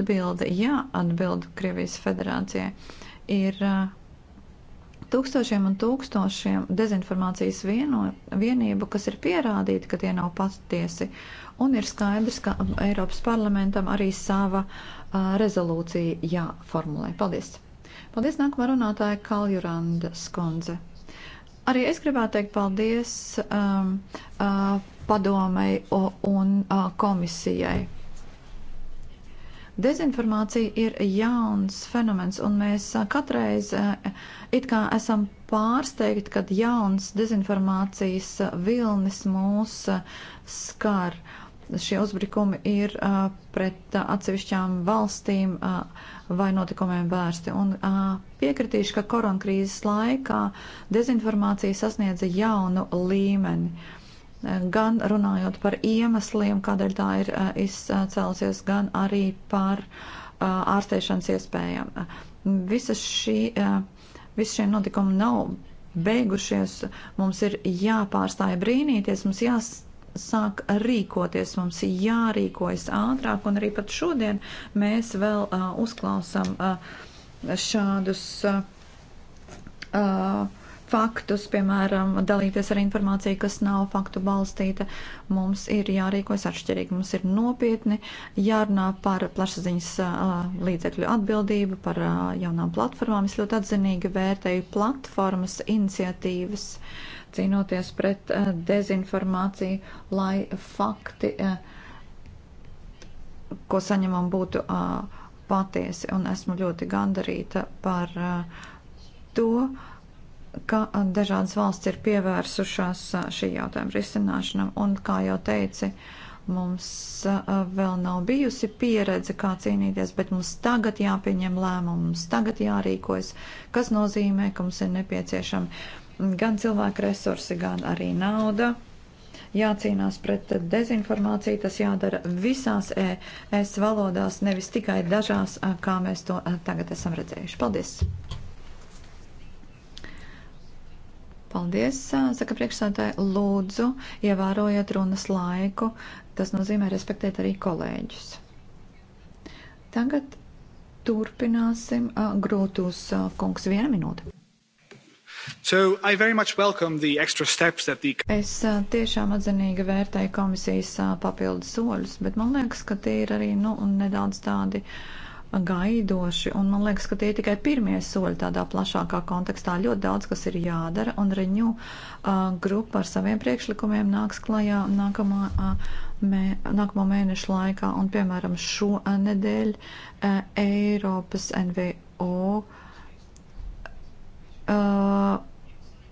Atbilde - jā, atbild Krievijas federācijai ir tūkstošiem un tūkstošiem dezinformācijas vieno, vienību, kas ir pierādīti, ka tie nav patiesi. Un ir skaidrs, ka Eiropas parlamentam arī sava uh, rezolūcija jāformulē. Paldies! Paldies nākamā runātāja Kaljuranda Skundze. Arī es gribētu teikt paldies um, uh, padomei un uh, komisijai. Dezinformācija ir jauns fenomens, un mēs katreiz it kā esam pārsteigti, kad jauns dezinformācijas vilnis mūs skar. Šie uzbrukumi ir pret atsevišķām valstīm vai notikumiem vērsti. Un piekritīšu, ka koronakrīzes laikā dezinformācija sasniedza jaunu līmeni gan runājot par iemesliem, kādēļ tā ir eh, izcēlusies, gan arī par eh, ārstēšanas iespējām. Visas šī, eh, visi šie notikumi nav beigušies, mums ir jāpārstāja brīnīties, mums jās sāk rīkoties, mums jārīkojas ātrāk, un arī pat šodien mēs vēl uh, uzklausām uh, šādus uh, uh, faktus, piemēram, dalīties ar informāciju, kas nav faktu balstīta. Mums ir jārīkojas atšķirīgi, mums ir nopietni jārunā par plašsaziņas līdzekļu atbildību, par jaunām platformām. Es ļoti atzinīgi vērtēju platformas iniciatīvas cīnoties pret dezinformāciju, lai fakti, ko saņemam, būtu patiesi. Un esmu ļoti gandarīta par to, ka dažādas valsts ir pievērsušās šī jautājuma risināšanam, un, kā jau teici, mums vēl nav bijusi pieredze, kā cīnīties, bet mums tagad jāpieņem lēmumu, mums tagad jārīkojas, kas nozīmē, ka mums ir nepieciešami gan cilvēku resursi, gan arī nauda. Jācīnās pret dezinformāciju, tas jādara visās ES valodās, nevis tikai dažās, kā mēs to tagad esam redzējuši. Paldies! Paldies, saka priekšsēdētāji, lūdzu, ievērojiet runas laiku. Tas nozīmē respektēt arī kolēģus. Tagad turpināsim uh, grūtus uh, kungs viena minūte. So I very much welcome the extra steps that the... Es uh, tiešām atzinīgi vērtēju komisijas uh, papildu soļus, bet man liekas, ka tie ir arī nu, nedaudz tādi uh, gaidoši, un man liekas, ka tie ir tikai pirmie soļi tādā plašākā kontekstā. Ļoti daudz, kas ir jādara, un Reņu grupa ar saviem priekšlikumiem nāks klajā nākamā, mē, nākamo mēnešu laikā, un piemēram šo nedēļu Eiropas NVO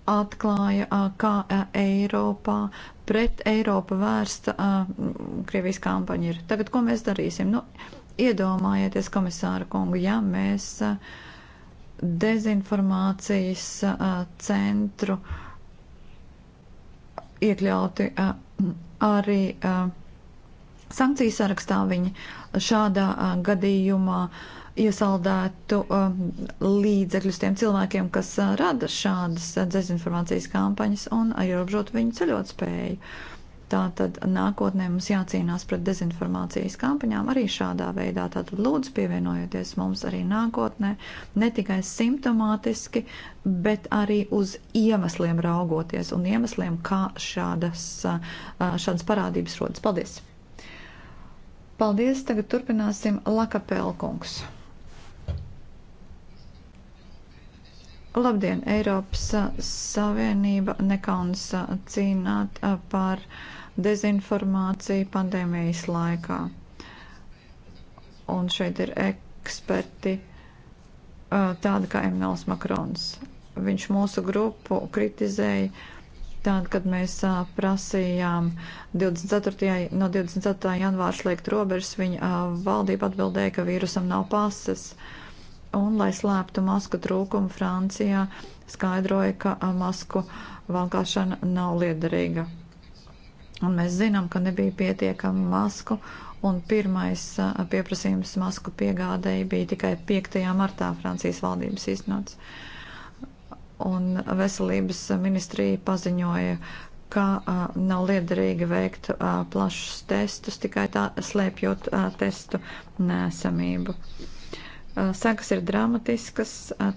atklāja, kā Eiropā pret Eiropu vērsta Krievijas kampaņa ir. Tagad ko mēs darīsim? Nu, iedomājieties, komisāra kungu, ja mēs dezinformācijas centru iekļauti arī sankciju sarakstā viņi šādā gadījumā iesaldētu līdzekļus tiem cilvēkiem, kas rada šādas dezinformācijas kampaņas un ierobežot viņu ceļot spēju. Tātad nākotnē mums jācīnās pret dezinformācijas kampaņām arī šādā veidā. Tātad lūdzu pievienojieties mums arī nākotnē, ne tikai simptomātiski, bet arī uz iemesliem raugoties un iemesliem, kā šādas, šādas parādības rodas. Paldies! Paldies! Tagad turpināsim Lakapēlkungs. Labdien, Eiropas Savienība nekauns cīnāt par dezinformāciju pandēmijas laikā. Un šeit ir eksperti tādi kā Emnels Makrons. Viņš mūsu grupu kritizēja tad, kad mēs a, prasījām 24. no 24. janvāra slēgt robežas, viņa a, valdība atbildēja, ka vīrusam nav pases. Uh, un, lai slēptu masku trūkumu Francijā, skaidroja, ka masku valkāšana nav liederīga. Un mēs zinām, ka nebija pietiekami masku, un pirmais pieprasījums masku piegādēji bija tikai 5. martā Francijas valdības iznots. Un veselības ministrija paziņoja, ka uh, nav liederīgi veikt uh, plašus testus, tikai tā slēpjot uh, testu nēsamību. Uh, Sekas ir dramatiskas,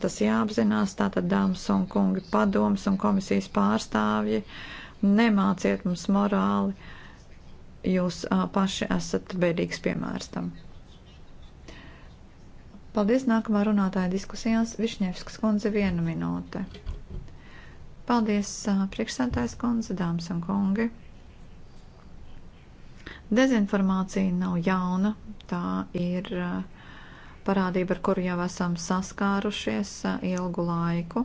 tas jāapzinās, tātad dāmas un kungi padomas un komisijas pārstāvji, nemāciet mums morāli, jūs paši esat bēdīgs piemērs tam. Paldies nākamā runātāja diskusijās Višņevskas kundze viena minūte. Paldies priekšsētājs kundze, dāmas un kungi. Dezinformācija nav jauna, tā ir uh, parādība, ar kuru jau esam saskārušies eh, ilgu laiku.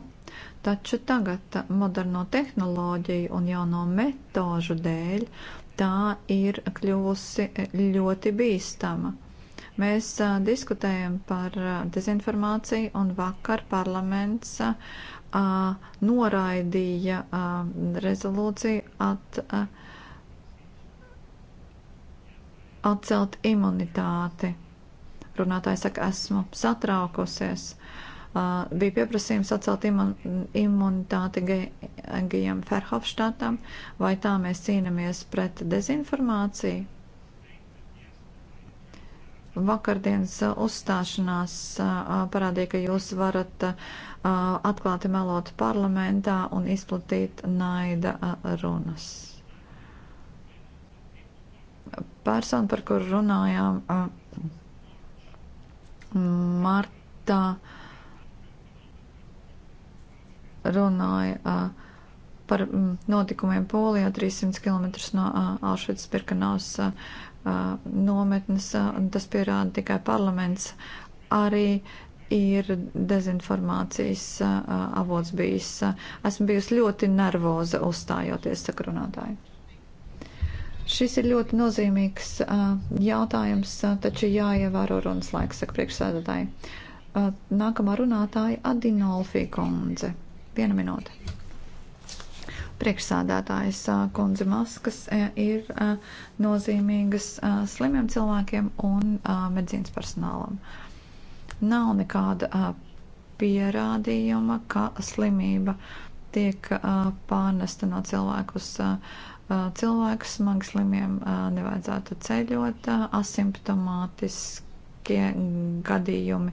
Taču tagad eh, moderno tehnoloģiju un jauno metožu dēļ tā ir kļūsi eh, ļoti bīstama. Mēs a, diskutējam par a, dezinformāciju un vakar parlaments a, noraidīja a, rezolūciju at, a, atcelt imunitāti Runātāji saka, esmu satraukusies. Uh, bija pieprasījums atcelt imun, imunitāti Gejam Ferhofštātam, vai tā mēs cīnāmies pret dezinformāciju? Vakardienas uh, uzstāšanās uh, parādīja, ka jūs varat uh, atklāti melot parlamentā un izplatīt naida uh, runas. Persona, par kuru runājām, uh, martā runāja uh, par notikumiem Polijā 300 km no Alšvicas Pirkanās nometnes, un tas pierāda tikai parlaments, arī ir dezinformācijas avots bijis. Esmu bijusi ļoti nervoza uzstājoties sakrunātāju. Šis ir ļoti nozīmīgs jautājums, taču jāievēro runas laiks, saka priekšsēdētāji. Nākamā runātāja Adinolfi kundze. Viena minūte. Priekšsādātājs kundze maskas ir nozīmīgas slimiem cilvēkiem un medicīnas personālam. Nav nekāda pierādījuma, ka slimība tiek pārnesta no cilvēku uz cilvēku cilvēku smagi slimiem nevajadzētu ceļot, asimptomātiski tie gadījumi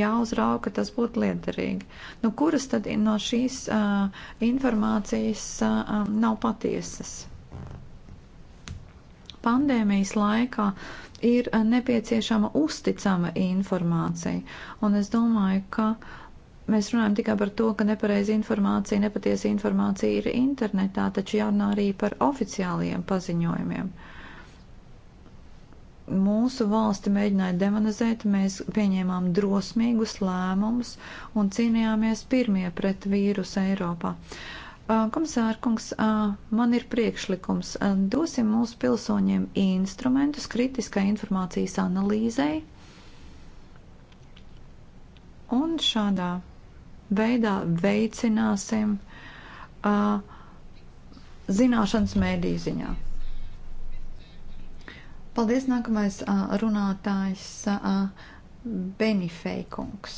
jāuzrauga, tas būtu liederīgi. Nu, kuras tad no šīs uh, informācijas uh, nav patiesas? Pandēmijas laikā ir nepieciešama uzticama informācija, un es domāju, ka uh, mēs runājam tikai par to, ka nepareiza informācija, nepatiesa informācija ir internetā, taču jārunā arī par oficiālajiem paziņojumiem. Mūsu valsti mēģināja demonizēt, mēs pieņēmām drosmīgus lēmumus un cīnījāmies pirmie pret vīrusu Eiropā. Komisārkungs, man ir priekšlikums. Dosim mūsu pilsoņiem instrumentus kritiskai informācijas analīzei, un šādā veidā veicināsim uh, zināšanas mēdī ziņā. Paldies, nākamais uh, runātājs uh, Benifeikungs.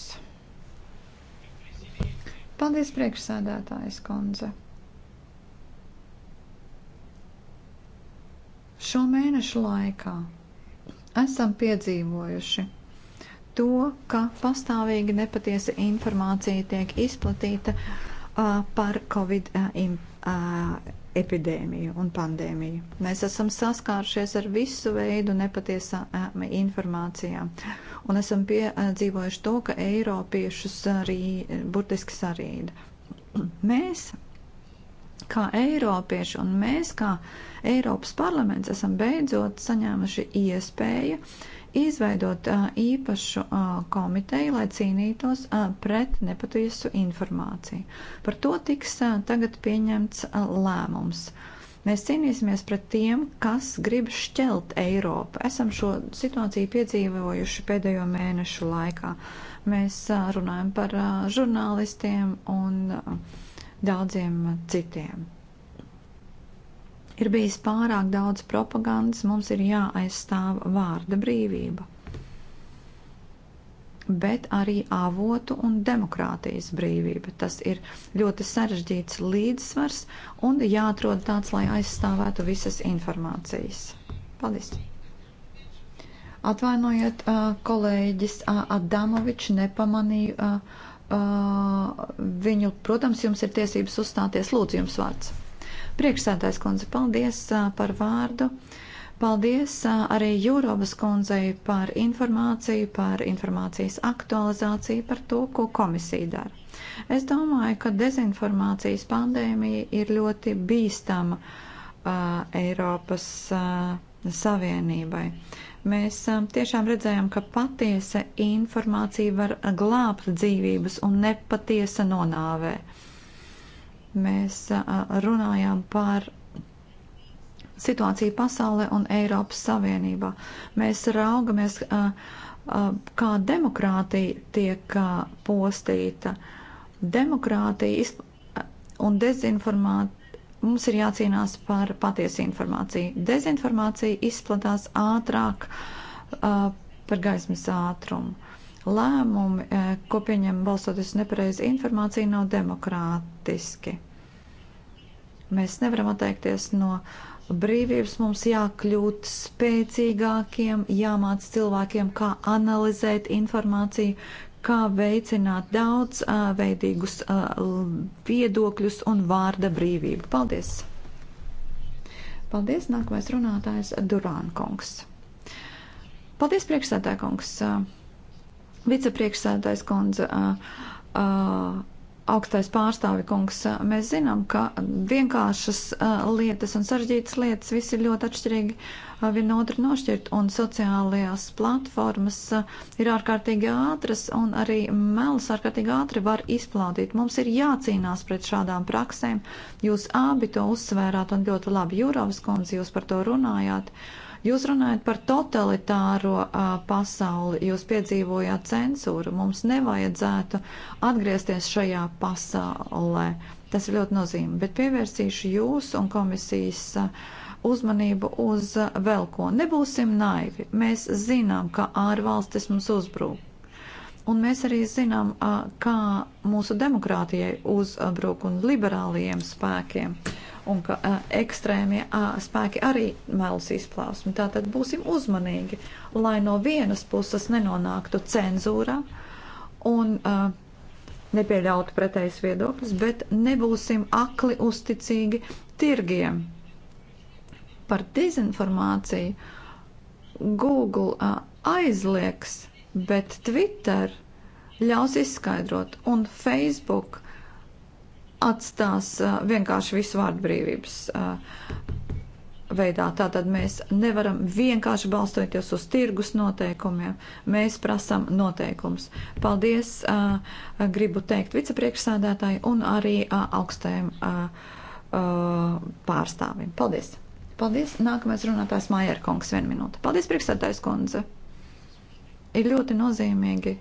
Paldies, priekšsēdētājs Konze. Šo mēnešu laikā esam piedzīvojuši to, ka pastāvīgi nepatiesa informācija tiek izplatīta uh, par Covid uh, uh, epidēmiju un pandēmiju. Mēs esam saskāršies ar visu veidu nepatiesām informācijām un esam piedzīvojuši to, ka Eiropiešus arī burtiski sarīda. Mēs, kā Eiropieši un mēs, kā Eiropas parlaments, esam beidzot saņēmuši iespēju uh, izveidot īpašu komiteju, lai cīnītos pret nepatiesu informāciju. Par to tiks tagad pieņemts lēmums. Mēs cīnīsimies pret tiem, kas grib šķelt Eiropu. Esam šo situāciju piedzīvojuši pēdējo mēnešu laikā. Mēs runājam par žurnālistiem un daudziem citiem Ir bijis pārāk daudz propagandas, mums ir jāaizstāv vārda brīvība, bet arī avotu un demokrātijas brīvība. Tas ir ļoti sarežģīts līdzsvars un jāatrod tāds, lai aizstāvētu visas informācijas. Paldies! Atvainojiet, kolēģis Adamovičs nepamanīja viņu. Protams, jums ir tiesības uzstāties. Lūdzu, jums vārds. Priekšsēdājs kundze, paldies par vārdu. Paldies arī Jūrovas kundzei par informāciju, par informācijas aktualizāciju, par to, ko komisija dara. Es domāju, ka dezinformācijas pandēmija ir ļoti bīstama uh, Eiropas uh, Savienībai. Mēs um, tiešām redzējām, ka patiesa informācija var glābt dzīvības un nepatiesa nonāvē. Uh, Mēs runājām par situāciju pasaulē un Eiropas Savienībā. Mēs raugamies, kā demokrātija tiek postīta. Demokrātija un dezinformācija. Mums ir jācīnās par patiesu informāciju. Dezinformācija izplatās ātrāk uh, par gaismas ātrumu. Lēmumi, eh, ko pieņem balstoties nepareizi informāciju, nav demokrātiski. Mēs nevaram atteikties no brīvības, mums jākļūt spēcīgākiem, jāmāc cilvēkiem, kā analizēt informāciju, kā veicināt daudzveidīgus eh, eh, viedokļus un vārda brīvību. Paldies! Paldies! Nākamais runātājs Durānkungs. Paldies, priekšsēdētājkungs! Vicepriekšsēdājs kundze, augstais pārstāvi kungs, mēs zinām, ka vienkāršas lietas un sarežģītas lietas viss ir ļoti atšķirīgi viena otru nošķirt, un sociālajās platformas ir ārkārtīgi ātras, un arī melus ārkārtīgi ātri var izplaudīt. Mums ir jācīnās pret šādām praksēm. Jūs abi to uzsvērāt, un ļoti labi, Jūrovas kundze, jūs par to runājāt. Uh, Jūs runājat par totalitāro uh, pasauli, jūs piedzīvojāt cenzūru, mums nevajadzētu atgriezties šajā pasaulē. Tas ir ļoti nozīmīgi, bet pievērsīšu jūs un komisijas uzmanību uz vēl ko. Nebūsim naivi, mēs zinām, ka ārvalstis mums uzbrūk. Un mēs arī zinām, kā mūsu demokrātijai uzbruk un liberālajiem spēkiem un ka uh, ekstrēmie uh, spēki arī melus izplāsmi. Tātad būsim uzmanīgi, lai no vienas puses nenonāktu cenzūrā un uh, nepieļautu pretējas viedokļus, bet nebūsim akli uzticīgi tirgiem. Par dezinformāciju Google uh, aizliegs, bet Twitter ļaus izskaidrot un Facebook atstās vienkārši visu vārdu brīvības veidā. Tātad mēs nevaram vienkārši balstoties uz tirgus noteikumiem, mēs prasam noteikums. Paldies, gribu teikt vicepriekšsādātāji un arī augstajiem pārstāvim. Paldies! Paldies! Nākamais runātājs Mājērkungs, viena minūte. Paldies, priekšsādātājs kundze! Ir ļoti nozīmīgi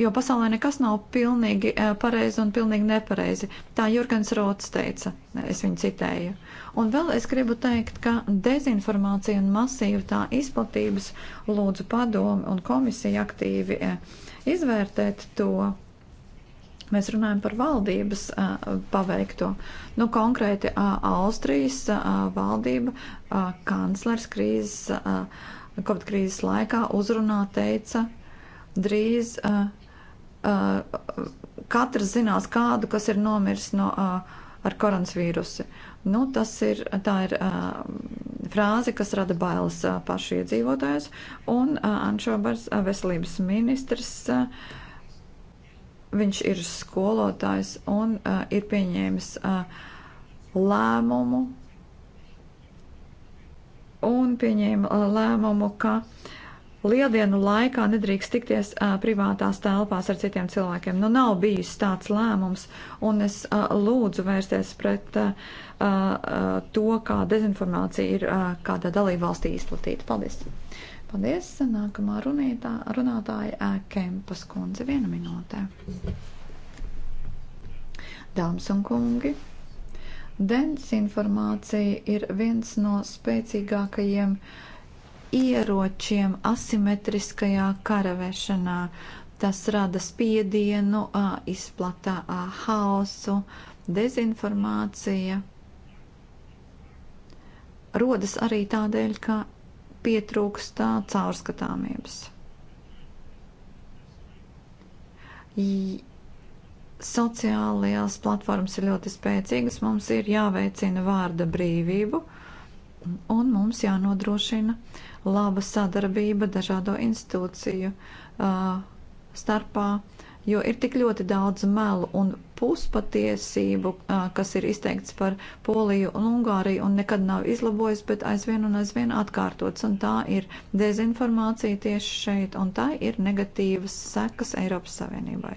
jo pasaulē nekas nav pilnīgi eh, pareizi un pilnīgi nepareizi. Tā Jurgens Rots teica, es viņu citēju. Un vēl es gribu teikt, ka dezinformācija un masīva tā izplatības lūdzu padomi un komisija aktīvi eh, izvērtēt to. Mēs runājam par valdības uh, paveikto. Nu, konkrēti, uh, Austrijas uh, valdība, uh, kanclers krīzes, uh, Covid krīzes laikā uzrunā teica, drīz uh, uh, katrs zinās kādu, kas ir nomiris no, uh, ar koronavīrusi. Nu, tas ir, tā ir uh, frāze, kas rada bailes uh, pašu iedzīvotājus, un uh, Anšobars, uh, veselības ministrs, uh, viņš ir skolotājs un uh, ir pieņēmis uh, lēmumu un pieņēma uh, lēmumu, ka uh, lieldienu laikā nedrīkst tikties uh, privātās telpās ar citiem cilvēkiem. Nu, nav bijis tāds lēmums, un es uh, lūdzu vērsties pret uh, uh, to, kā dezinformācija ir uh, kādā dalībvalstī izplatīta. Paldies! Paldies! Nākamā runītā, runātāja uh, Kempas kundze viena minūtē. Dāmas un kungi, dezinformācija ir viens no spēcīgākajiem uh, ieročiem asimetriskajā karavešanā. Tas rada spiedienu, izplatā haosu, dezinformācija. Rodas arī tādēļ, ka pietrūkst caurskatāmības. Sociālajās platformas ir ļoti spēcīgas, mums ir jāveicina vārda brīvību un mums jānodrošina uh, laba sadarbība dažādo institūciju uh, starpā, jo ir tik ļoti daudz melu un puspatiesību, uh, kas ir izteikts par Poliju un Ungāriju un nekad nav izlabojis, bet aizvien un aizvien atkārtots. Un tā ir dezinformācija tieši šeit, un tā ir negatīvas sekas Eiropas Savienībai.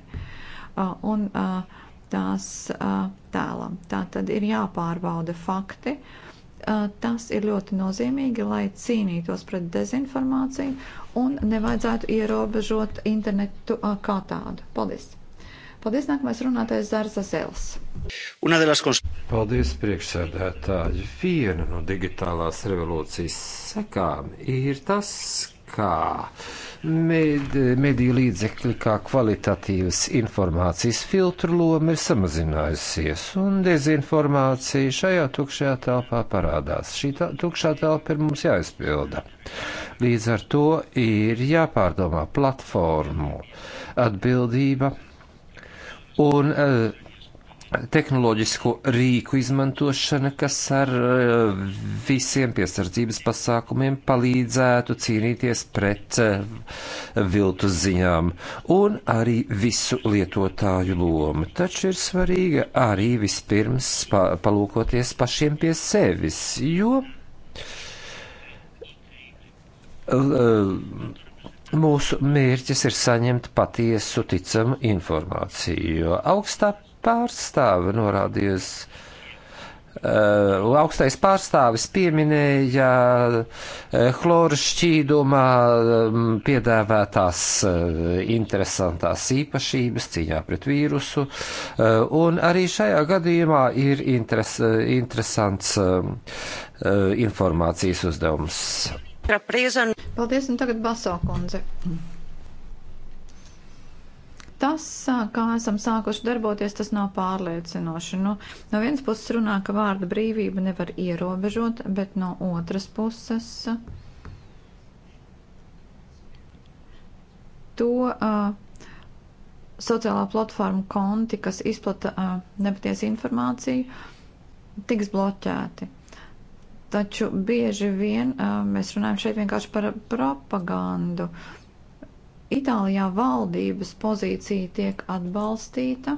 Uh, un, uh, tās uh, tēlam. Tā tad ir jāpārbauda fakti. Uh, Tas ir ļoti nozīmīgi, lai cīnītos pret dezinformāciju un nevajadzētu ierobežot internetu kā tādu. Paldies! Paldies, nākamais runātais Zārza Zels. Paldies, priekšsēdētāji. Viena no digitālās revolūcijas sekām ir tas, kā med, mediju līdzekļi kā kvalitatīvas informācijas filtru loma ir samazinājusies, un dezinformācija šajā tukšajā telpā parādās. Šī tā, tukšā telpa ir mums jāizpilda. Līdz ar to ir jāpārdomā platformu atbildība un uh, tehnoloģisko rīku izmantošana, kas ar eh, visiem piesardzības pasākumiem palīdzētu cīnīties pret eh, viltus ziņām, un arī visu lietotāju loma. Taču ir svarīga arī vispirms pa palūkoties pašiem pie sevis, jo eh, mūsu mērķis ir saņemt patiesu ticamu informāciju, jo augstāk pārstāve norādījusi. Uh, augstais pārstāvis pieminēja uh, eh, chloru šķīdumā um, piedāvātās uh, interesantās īpašības cīņā pret vīrusu, uh, un arī šajā gadījumā ir interes, uh, interesants uh, informācijas uzdevums. Paldies, un tagad Baso kundze tas, kā esam sākuši darboties, tas nav pārliecinoši. Nu, no vienas puses runā, ka vārda brīvība nevar ierobežot, bet no otras puses to uh, sociālā platforma konti, kas izplata uh, nepatiesu informāciju, tiks bloķēti. Taču bieži vien uh, mēs runājam šeit vienkārši par propagandu. Uh, Itālijā valdības pozīcija tiek atbalstīta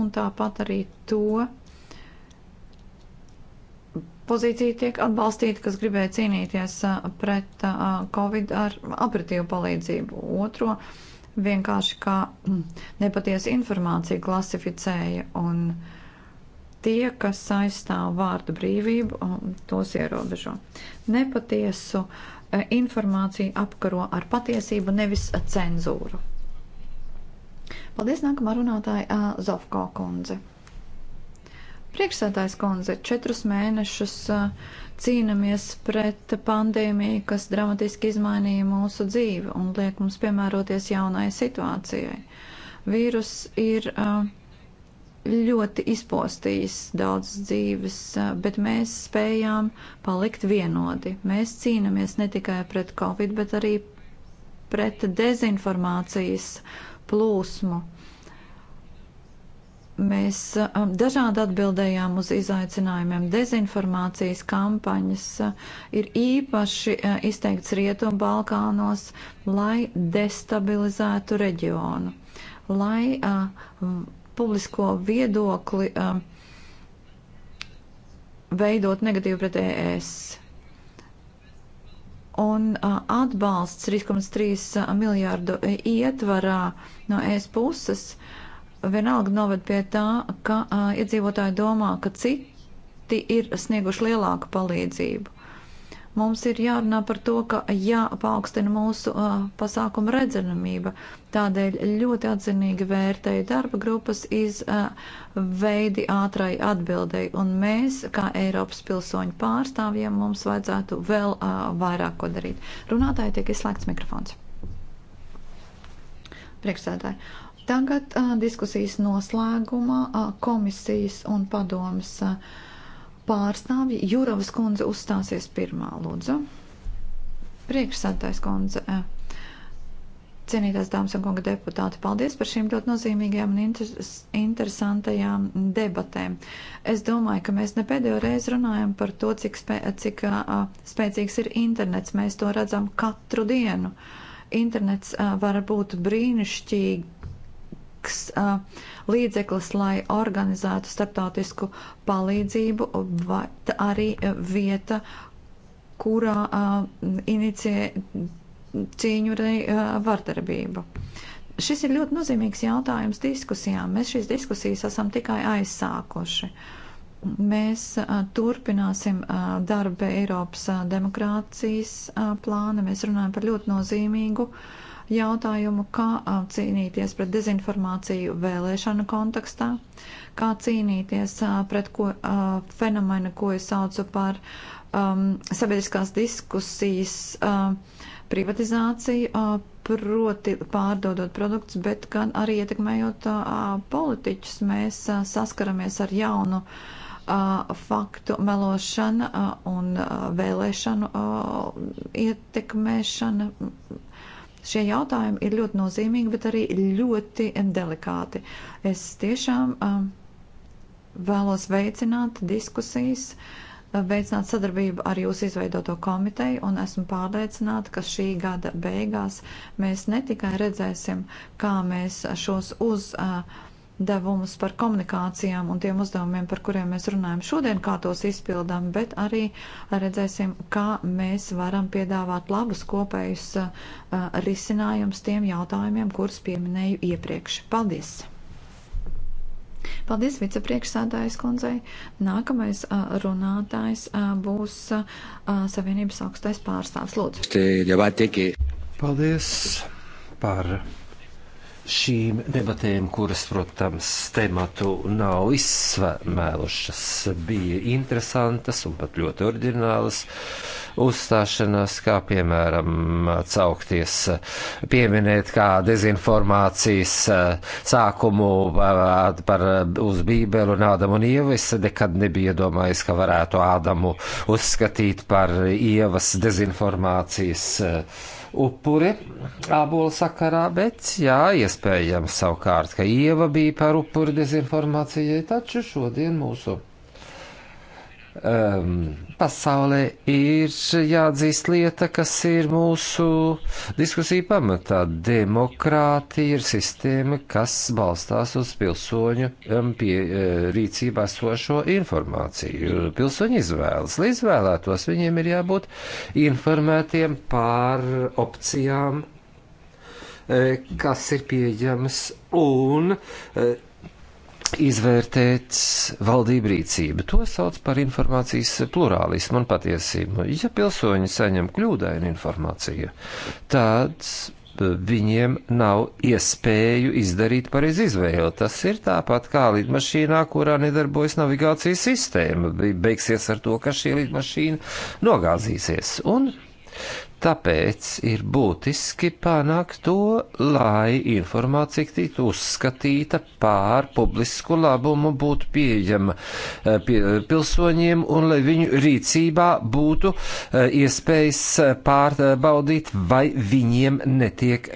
un tāpat arī to pozīcija tiek atbalstīta, kas gribēja cīnīties pret Covid ar apritīvu palīdzību. Otro vienkārši kā mm, nepatiesa informācija klasificēja un tie, kas aizstāv vārdu brīvību, tos ierobežo. Nepatiesu uh, Eh, informāciju apkaro ar patiesību, nevis cenzūru. Paldies, nākamā runātāja eh, Zofko kundze. Priekšsētājs kundze, četrus mēnešus eh, cīnāmies pret pandēmiju, kas dramatiski izmainīja mūsu dzīvi un liek mums piemēroties jaunai situācijai. Vīrus ir uh, ļoti izpostījis daudzas dzīves, bet mēs spējām palikt vienoti. Mēs cīnāmies ne tikai pret covid, bet arī pret dezinformācijas plūsmu. Mēs dažādi atbildējām uz izaicinājumiem. Dezinformācijas kampaņas ir īpaši izteikts Rietumu Balkānos, lai destabilizētu reģionu, lai uh, publisko viedokli um, veidot negatīvu pret ES. Un uh, atbalsts 3,3 uh, miljārdu uh, ietvarā no ES puses vienalga noved pie tā, ka uh, iedzīvotāji domā, ka citi ir snieguši lielāku palīdzību. Mums ir jārunā par to, ka jāpaukstina mūsu uh, pasākuma redzamība. Tādēļ ļoti atzinīgi vērtēju darba grupas izveidi uh, ātrai atbildēji, un mēs, kā Eiropas pilsoņu pārstāvjiem, mums vajadzētu vēl uh, vairāk ko darīt. Runātāji tiek izslēgts mikrofons. Priekšsēdētāji. Tagad uh, diskusijas noslēgumā uh, komisijas un padomas. Uh, pārstāvji. Jūrovas kundze uzstāsies pirmā, lūdzu. Priekšsādājs kundze. Eh, cienītās dāmas un kunga deputāti, paldies par šīm ļoti nozīmīgajām un interes, interesantajām debatēm. Es domāju, ka mēs ne pēdējo reizi runājam par to, cik, spē, cik uh, spēcīgs ir internets. Mēs to redzam katru dienu. Internets uh, var būt brīnišķīgi liekas uh, līdzeklis, lai organizētu starptautisku palīdzību, bet arī vieta, kurā uh, inicie cīņu arī uh, vardarbību. Šis ir ļoti nozīmīgs jautājums diskusijām. Mēs šīs diskusijas esam tikai aizsākuši. Mēs a, turpināsim a, darbu Eiropas a, demokrācijas plāna. Mēs runājam par ļoti nozīmīgu uh, jautājumu, kā cīnīties pret dezinformāciju vēlēšanu kontekstā, kā cīnīties pret ko, fenomenu, ko es saucu par um, sabiedriskās diskusijas uh, privatizāciju, uh, proti pārdodot produktus, bet gan arī ietekmējot uh, politiķus. Mēs uh, saskaramies ar jaunu uh, faktu melošana uh, un uh, vēlēšanu uh, ietekmēšana Šie jautājumi ir ļoti nozīmīgi, bet arī ļoti delikāti. Es tiešām um, vēlos veicināt diskusijas, uh, veicināt sadarbību ar jūsu izveidoto komiteju, un esmu pārliecināta, ka šī gada beigās mēs ne tikai redzēsim, kā mēs šos uz. Uh, devumus par komunikācijām un tiem uzdevumiem, par kuriem mēs runājam šodien, kā tos izpildām, bet arī redzēsim, kā mēs varam piedāvāt labus kopējus uh, risinājumus tiem jautājumiem, kurus pieminēju iepriekš. Paldies! Paldies vicepriekšsādājas kundzei. Nākamais uh, runātājs uh, būs Savienības augstais pārstāvs. Lūdzu. Paldies par šīm debatēm, kuras, protams, tematu nav izsvēmēlušas, bija interesantas un pat ļoti orģinālas uzstāšanās, kā piemēram caukties, pieminēt kā dezinformācijas eh, sākumu eh, par eh, uz Bībeli un Ādamu un Ievu. Es nekad nebiju iedomājies, ka varētu Ādamu uzskatīt par Ievas dezinformācijas upuri ābola sakarā, bet jā, iespējams savukārt, ka Ieva bija par upuri dezinformācijai, taču šodien mūsu um, pasaulē ir jāatzīst lieta, kas ir mūsu diskusija pamatā. Demokrātija ir sistēma, kas balstās uz pilsoņu um, pie, uh, rīcībā sošo informāciju. Pilsoņi izvēlas, lai izvēlētos, viņiem ir jābūt informētiem par opcijām, uh, kas ir pieejamas un uh, izvērtēt valdību rīcību. To sauc par informācijas plurālismu un patiesību. Ja pilsoņi saņem kļūdainu informāciju, tad viņiem nav iespēju izdarīt pareizi izvēli. Tas ir tāpat kā lidmašīnā, kurā nedarbojas navigācijas sistēma. Beigsies ar to, ka šī lidmašīna nogāzīsies. Un Tāpēc ir būtiski panākt to, lai informācija tiktu uzskatīta pār publisku labumu, būtu pieejama eh, pie, pilsoņiem un lai viņu rīcībā būtu eh, iespējas eh, pārbaudīt, vai viņiem netiek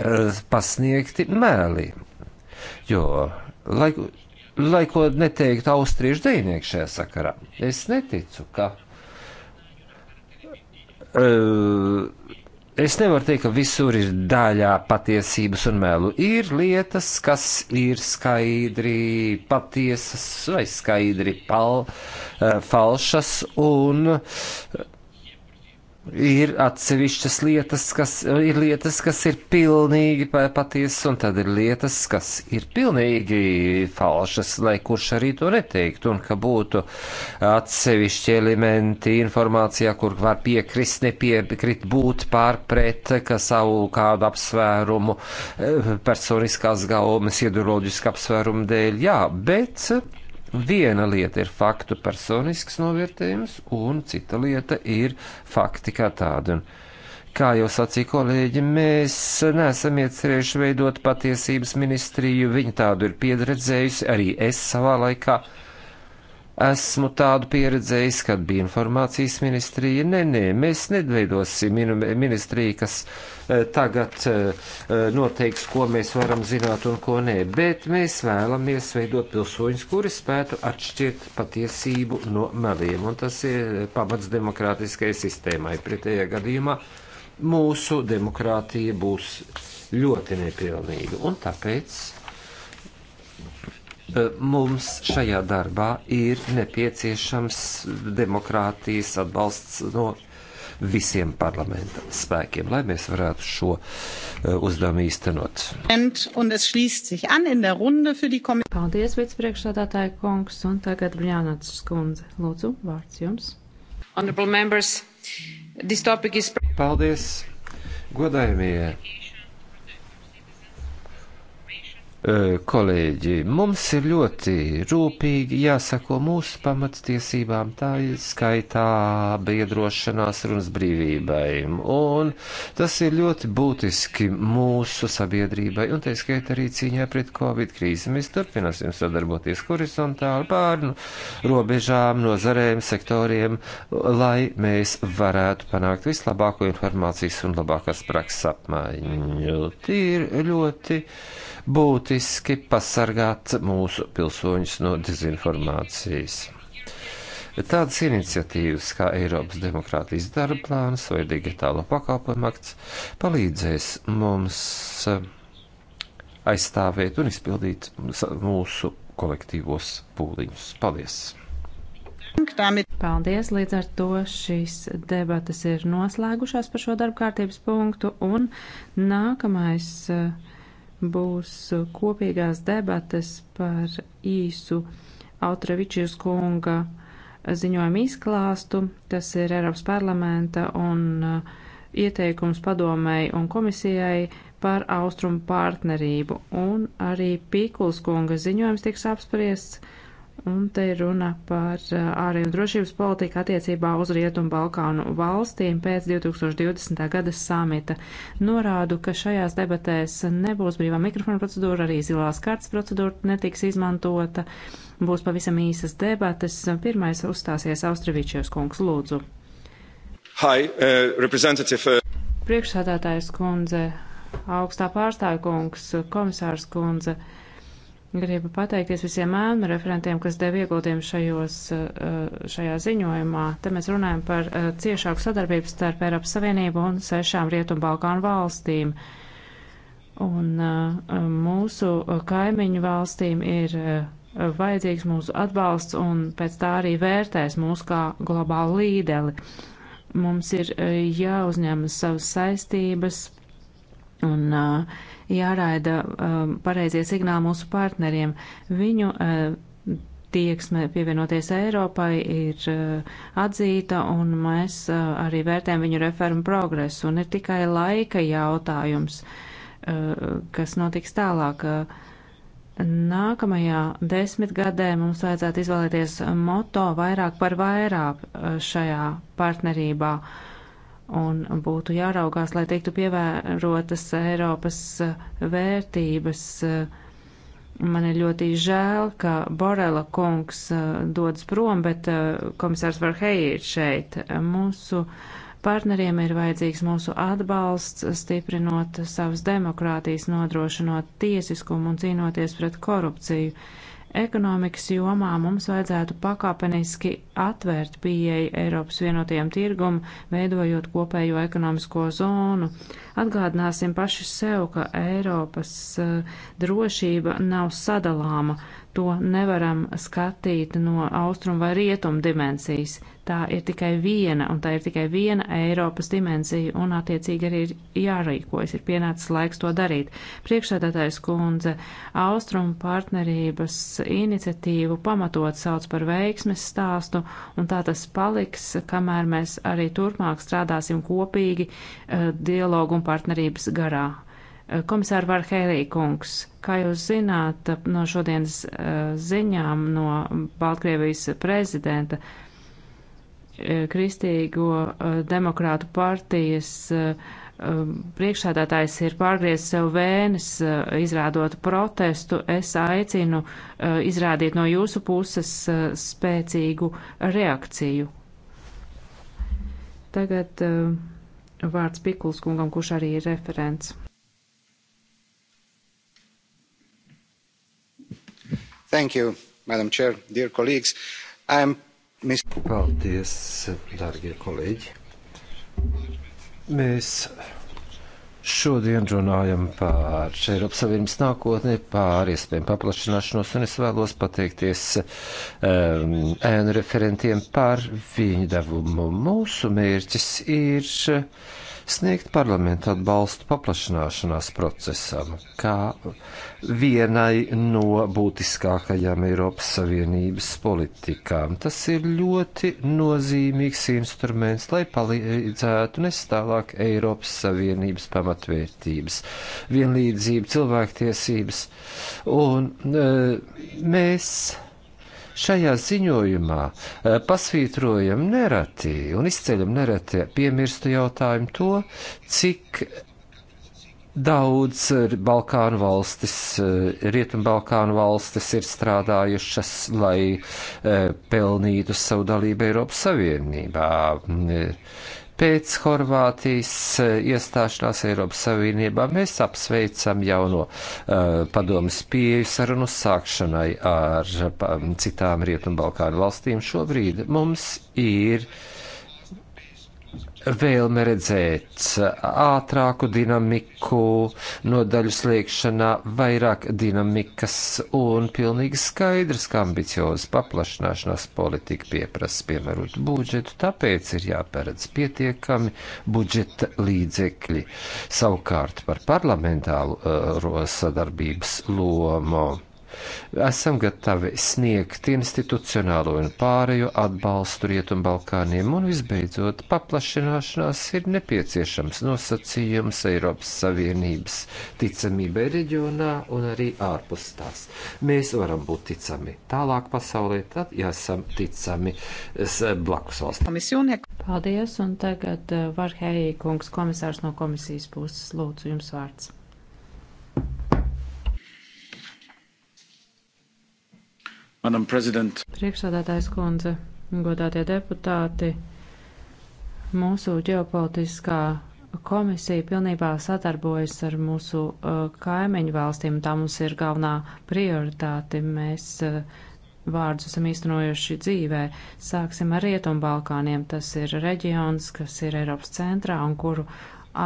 pasniegti mēli. Jo, lai, lai ko neteiktu austriešu dēļnieki šajā sakarā, es neticu, ka. Uh, Es nevaru teikt, ka visur ir daļā patiesības un melu. Ir lietas, kas ir skaidri patiesas vai skaidri pal, eh, falšas, un ir atsevišķas lietas, kas ir lietas, kas ir pilnīgi patiesas, un tad ir lietas, kas ir pilnīgi falšas, lai kurš arī to neteiktu, un ka būtu atsevišķi elementi informācijā, kur var piekrist, nepiekrist, būt pārpret, ka savu kādu apsvērumu, eh, personiskās gaumes, ideoloģisku apsvērumu dēļ, jā, bet Viena lieta ir faktu personisks novērtējums, un cita lieta ir fakti kā tādi. Un, Kā jau sacīja kolēģi, mēs neesam iecerējuši veidot patiesības ministriju, viņa tādu ir piedredzējusi arī es savā laikā. Uh, Esmu tādu pieredzējis, kad bija informācijas ministrija. Nē, nē, mēs nedveidosim ministriju, kas eh, tagad eh, noteiks, ko mēs varam zināt un ko nē, bet mēs vēlamies veidot pilsoņus, kuri spētu atšķirt patiesību no meliem, un tas ir pamats demokrātiskai sistēmai. Pretējā gadījumā mūsu demokrātija būs ļoti nepilnīga, un tāpēc Eh, mums šajā darbā ir nepieciešams demokrātijas atbalsts no visiem parlamenta spēkiem, lai mēs varētu šo eh, uzdevumu īstenot. Paldies, vicepriekšsādātāja kungs, un tagad Brņānats skundze. Lūdzu, vārds jums. Honorable members, this topic is... Paldies, godājumie kolēģi, mums ir ļoti rūpīgi jāsako mūsu pamatstiesībām, tā ir skaitā biedrošanās runas brīvībai, un tas ir ļoti būtiski mūsu sabiedrībai, un tā skaitā arī cīņā pret Covid krīzi. Mēs turpināsim sadarboties horizontāli pār nu, robežām, nozarēm, sektoriem, lai mēs varētu panākt vislabāko informācijas un labākās prakses apmaiņu. Tie ir ļoti būtiski pasargāt mūsu pilsoņus no dezinformācijas. Tādas iniciatīvas kā Eiropas demokrātijas darba plāns vai digitālo pakalpojumu akts palīdzēs mums eh, aizstāvēt un izpildīt mūsu kolektīvos pūliņus. Paldies! Paldies! Līdz ar to šīs debatas ir noslēgušās par šo darba kārtības punktu un nākamais. Uh, būs kopīgās debates par īsu Autrevičijas kunga ziņojumu izklāstu. Tas ir Eiropas parlamenta un uh, ieteikums padomēji un komisijai par austrumu partnerību. Un arī Pīkuls kunga ziņojums tiks apspriests Un te ir runa par ārēju drošības politiku attiecībā uz Rietumu Balkānu valstīm pēc 2020. gada samita. Norādu, ka šajās debatēs nebūs brīvā mikrofona procedūra, arī zilās kartas procedūra netiks izmantota. Būs pavisam īsas debates. Pirmais uzstāsies Austrivičevs kungs, lūdzu. Hi, uh, representative. Uh... Priekšsādātājs kundze, augstā pārstāvja kungs, komisārs kundze. Uh, Gribu pateikties visiem ēnu referentiem, kas deva ieguldījumu šajos, eh, šajā ziņojumā. Te mēs runājam par eh, ciešāku sadarbību starp Eiropas Savienību un sešām Rietu un Balkānu valstīm. Un eh, mūsu kaimiņu valstīm ir vajadzīgs mūsu atbalsts un pēc tā arī vērtēs mūs kā globālu līderi. Mums ir jāuzņemas savas saistības Un uh, jāraida uh, pareizie signāli mūsu partneriem. Viņu uh, tieksme pievienoties Eiropai ir uh, atzīta, un mēs uh, arī vērtējam viņu reformu progresu, un ir tikai laika jautājums, uh, kas notiks tālāk. Nākamajā desmitgadē mums vajadzētu izvēlēties moto vairāk par vairāk šajā partnerībā. Uh, un būtu jāraugās, lai tiktu pievērotas Eiropas eh, vērtības. Eh, man ir ļoti žēl, ka Borela kungs eh, dodas prom, bet komisārs Varheji ir šeit. Mūsu partneriem ir vajadzīgs mūsu atbalsts, stiprinot savas demokrātijas, nodrošinot tiesiskumu un cīnoties pret korupciju. Ekonomikas jomā mums vajadzētu pakāpeniski atvērt pieeja Eiropas vienotajam tirgum, veidojot kopējo ekonomisko zonu. Atgādināsim paši sev, ka Eiropas eh, drošība nav sadalāma. To nevaram skatīt no austrum vai rietum dimensijas. Tā ir tikai viena, un tā ir tikai viena Eiropas dimensija, un attiecīgi arī ir jārīkojas, ir pienācis laiks to darīt. Priekšsēdētājs kundze austrumu partnerības iniciatīvu pamatot sauc par veiksmes stāstu, un tā tas paliks, kamēr mēs arī turpmāk strādāsim kopīgi eh, dialogu un partnerības garā. Eh, Komisāra Varhērī kungs, kā jūs zināt no šodienas eh, ziņām no Baltkrievijas prezidenta, Kristīgo demokrātu partijas uh, Um, priekšsēdētājs ir pārgriezis sev vēnes, uh, izrādot protestu, es aicinu uh, izrādīt no jūsu puses uh, spēcīgu reakciju. Tagad vārds Pikuls kungam, kurš arī ir referents. Thank you, Madam Chair, dear colleagues. I'm Paldies, dārgie kolēģi. Mēs šodien runājam par Eiropas Savienības nākotni, par iespējām paplašināšanos, un es vēlos pateikties ehm, ēnu um, referentiem par viņu devumu. Mūsu mērķis ir uh, sniegt parlamentu atbalstu paplašināšanās procesam, kā vienai no būtiskākajām Eiropas Savienības politikām. Tas ir ļoti nozīmīgs instruments, lai palīdzētu nestālāk Eiropas Savienības pamatvērtības, vienlīdzību, cilvēktiesības, un e, mēs Šajā ziņojumā e, pasvītrojam nereti un izceļam nereti piemirstu jautājumu to, cik Daudz Balkānu valstis, e, Rietumbalkānu valstis ir strādājušas, lai e, pelnītu savu dalību Eiropas Savienībā. Pēc Horvātijas eh, iestāšanās Eiropas Savienībā mēs apsveicam jauno uh, padomas pieeju sarunu sākšanai ar uh, citām Rietumbalkānu valstīm. Šobrīd mums ir uh, vēlme redzēt ātrāku dinamiku nodaļu slēgšanā, vairāk dinamikas un pilnīgi skaidrs, ka ambiciozas paplašināšanās politika pieprasa piemērot budžetu, tāpēc ir jāpēredz pietiekami budžeta līdzekļi. Savukārt par parlamentālo eh, sadarbības lomu Esam gatavi sniegt institucionālo un pārējo atbalstu Rietumbalkāniem, un visbeidzot, paplašināšanās ir nepieciešams nosacījums Eiropas Savienības ticamībai reģionā un arī ārpus tās. Mēs varam būt ticami tālāk pasaulē, tad jāsam ticami blakus valstīm. Paldies, un tagad eh, Varhēja kungs, komisārs no komisijas puses, lūdzu jums vārds. Madam President. Priekšsādātājs kundze, godātie deputāti, mūsu ģeopolitiskā komisija pilnībā sadarbojas ar mūsu uh, kaimiņu valstīm. Tā mums ir galvenā prioritāte. Mēs uh, vārdus esam īstenojuši dzīvē. Sāksim ar Rietumbalkāniem. Tas ir reģions, kas ir Eiropas centrā un kuru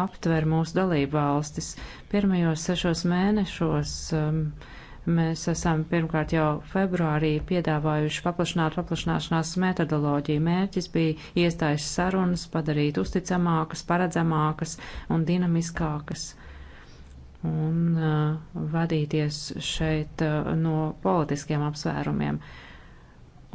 aptver mūsu dalību valstis. Pirmajos sešos mēnešos um, uh, Mēs esam pirmkārt jau februārī piedāvājuši paplašināt paplašināšanās metodoloģiju. Mērķis bija iestājas sarunas, padarīt uzticamākas, paredzamākas un dinamiskākas un uh, vadīties šeit uh, no politiskiem apsvērumiem.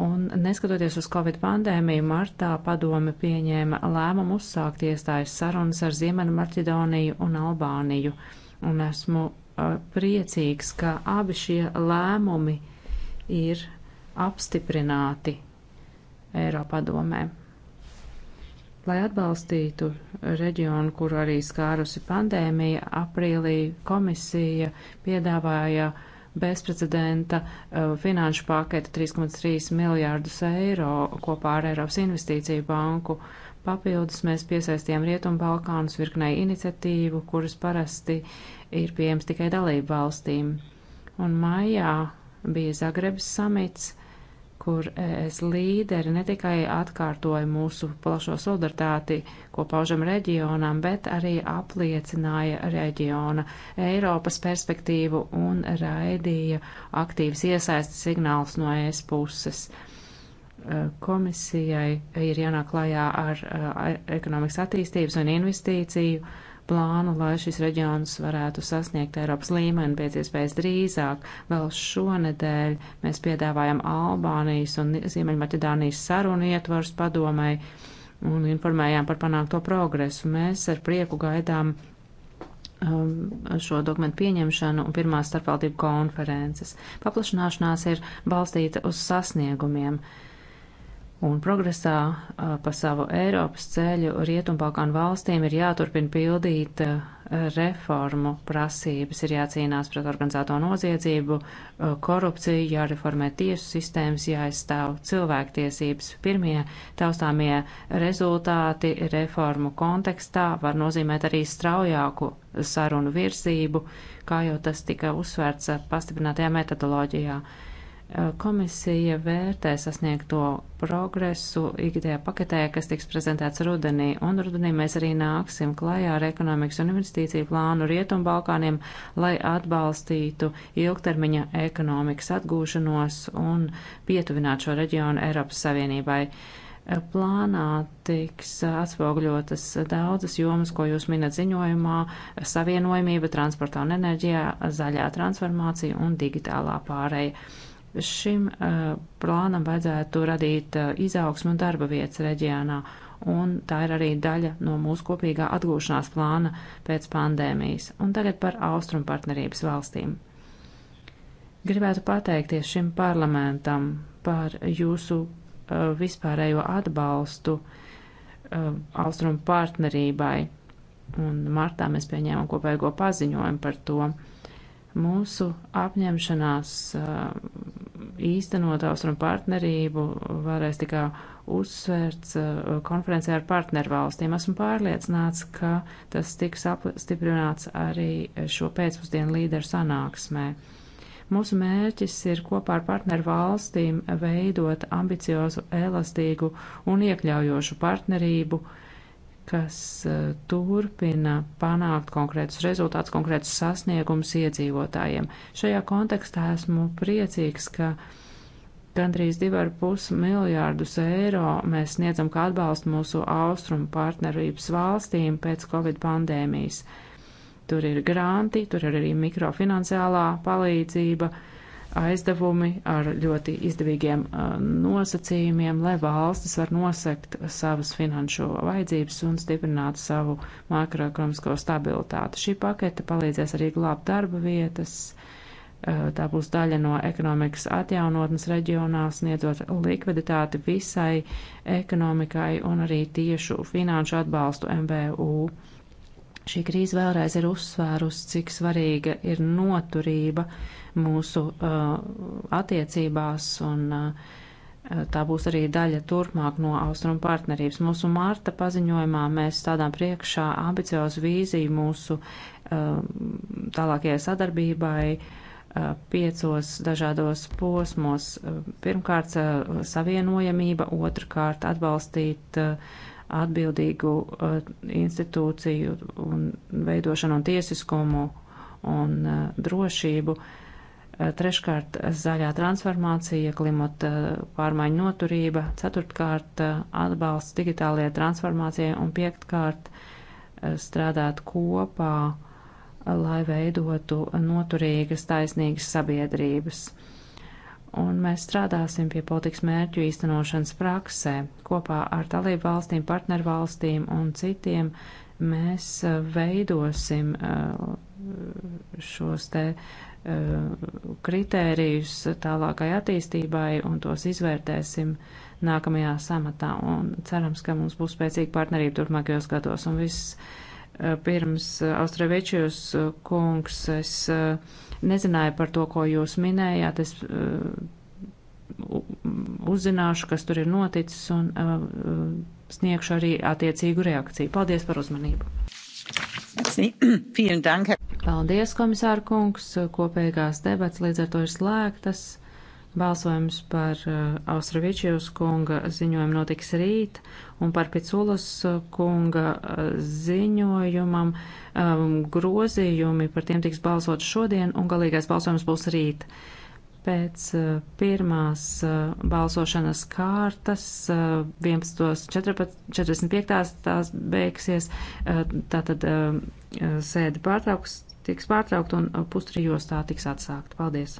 Un neskatoties uz Covid pandēmiju, martā padome pieņēma lēmumu uzsākt iestājas sarunas ar Ziemeņu Maķedoniju un Albāniju un esmu priecīgs, ka abi šie lēmumi ir apstiprināti Eiropadomē. Lai atbalstītu reģionu, kuru arī skārusi pandēmija, aprīlī komisija piedāvāja bezprecedenta uh, finanšu paketi 3,3 miljārdus eiro kopā ar Eiropas investīciju banku uh, Papildus mēs piesaistījām Rietumu Balkānus virknei iniciatīvu, kuras parasti ir pieejams tikai dalību valstīm. Un maijā bija Zagrebs samits, kur es līderi ne tikai atkārtoja mūsu plašo solidaritāti, ko paužam reģionam, bet arī apliecināja reģiona Eiropas perspektīvu un raidīja aktīvas iesaistas signāls no ES puses. Uh, Komisijai ir jānāk klajā ar eh, ekonomikas attīstības un investīciju plānu, lai šis reģions varētu sasniegt Eiropas līmeni pēc iespējas drīzāk. Vēl šonedēļ mēs piedāvājam Albānijas un Ziemeļmaķedānijas sarunu ietvars padomai un informējām par panākto progresu. Mēs ar prieku gaidām um, šo dokumentu pieņemšanu un pirmās starpvaldību konferences. Paplašanāšanās ir balstīta uz sasniegumiem. Uh, un progresā pa savu Eiropas ceļu Rietumbalkānu valstīm ir jāturpina pildīt reformu prasības, ir jācīnās pret organizēto noziedzību, korupciju, jāreformē tiesu sistēmas, jāizstāv cilvēktiesības. Pirmie taustāmie rezultāti reformu kontekstā var nozīmēt arī straujāku sarunu virzību, kā jau tas tika uzsvērts pastiprinātajā metodoloģijā. Eh, komisija vērtē sasniegto progresu ikdējā paketē, kas tiks prezentēts rudenī, un rudenī mēs arī nāksim klajā ar ekonomikas un investīciju plānu Rietumbalkāniem, lai atbalstītu ilgtermiņa ekonomikas atgūšanos un pietuvinātu šo reģionu Eiropas Savienībai. Eh, plānā tiks atspoguļotas daudzas jomas, ko jūs minat ziņojumā - savienojumība transportā un enerģijā, zaļā transformācija un digitālā pārēja. Šim plānam vajadzētu radīt izaugsmu un darba vietas reģionā, un tā ir arī daļa no mūsu kopīgā atgūšanās plāna pēc pandēmijas. Un tagad par austrumu partnerības valstīm. Gribētu pateikties šim parlamentam par jūsu vispārējo atbalstu austrumu partnerībai. Un martā mēs pieņēmām kopējo paziņojumu par to. Mūsu apņemšanās eh, īstenot austrumu partnerību varēs tikai uzsvērts eh, konferencē ar partnervalstīm. Esmu pārliecināts, ka tas tiks apstiprināts arī šo pēcpusdienu līderu sanāksmē. Mūsu mērķis ir kopā ar partneru valstīm veidot ambiciozu, elastīgu un iekļaujošu partnerību uh, kas eh, turpina panākt konkrētus rezultātus, konkrētus sasniegumus iedzīvotājiem. Šajā kontekstā esmu priecīgs, ka gandrīz 2,5 miljārdus eiro mēs sniedzam kā atbalstu mūsu austrumu partnerības valstīm pēc Covid pandēmijas. Tur ir granti, tur ir arī mikrofinanciālā palīdzība, uh, aizdevumi ar ļoti izdevīgiem uh, nosacījumiem, lai valstis var nosekt savas finanšu vajadzības un stiprināt savu makroekonomisko stabilitāti. Šī pakete palīdzēs arī glābt darba vietas. Uh, tā būs daļa no ekonomikas atjaunotnes reģionā, sniedzot likviditāti visai ekonomikai un arī tiešu finanšu atbalstu MVU. Šī krīze vēlreiz ir uzsvērusi, cik svarīga ir noturība mūsu uh, attiecībās, un uh, tā būs arī daļa turpmāk no austrumu partnerības. Mūsu mārta paziņojumā mēs stādām priekšā ambiciozu vīziju mūsu uh, tālākajai sadarbībai uh, piecos dažādos posmos. Pirmkārt, uh, savienojamība, otrkārt, atbalstīt uh, atbildīgu uh, institūciju un veidošanu un tiesiskumu un uh, drošību. Uh, treškārt, zaļā transformācija, klimata pārmaiņu noturība, ceturtkārt, atbalsts digitālajai transformācijai un piektkārt, strādāt kopā, lai veidotu noturīgas, taisnīgas sabiedrības un mēs strādāsim pie politikas mērķu īstenošanas praksē. Kopā ar dalību valstīm, partneru valstīm un citiem mēs eh, veidosim eh, šos te eh, kritērijus tālākai attīstībai un tos izvērtēsim nākamajā samatā. Un cerams, ka mums būs spēcīga partnerība turpmākajos gados. Un viss pirms Austraviečijos kungs es nezināju par to, ko jūs minējāt. Es uh, uzzināšu, kas tur ir noticis un uh, uh, sniegšu arī attiecīgu reakciju. Paldies par uzmanību. Paldies, komisāra kungs. Kopējās debats līdz ar to ir slēgtas. Balsojums par uh, Austravičijos kunga ziņojumu notiks rīt, un par Piculas uh, kunga uh, ziņojumam um, grozījumi par tiem tiks balsot šodien, un galīgais balsojums būs rīt. Pēc uh, pirmās uh, balsošanas kārtas uh, 11.45. tās beigsies, uh, tātad um, uh, sēde pārtrauks, tiks pārtraukt, un uh, pustrijos tā tiks atsākt. Paldies!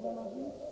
Thank you.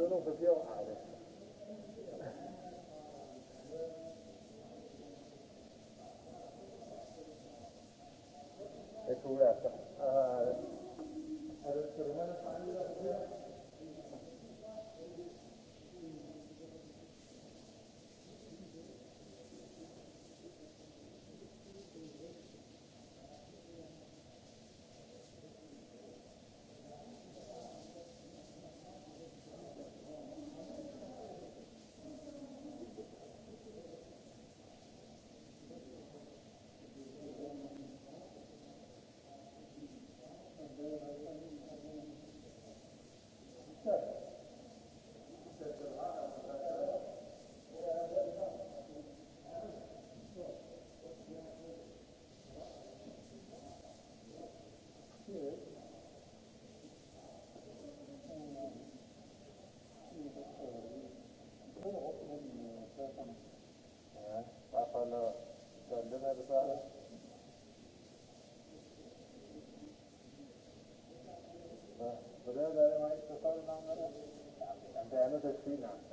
uren ongeveer al aarde. för kvinnan.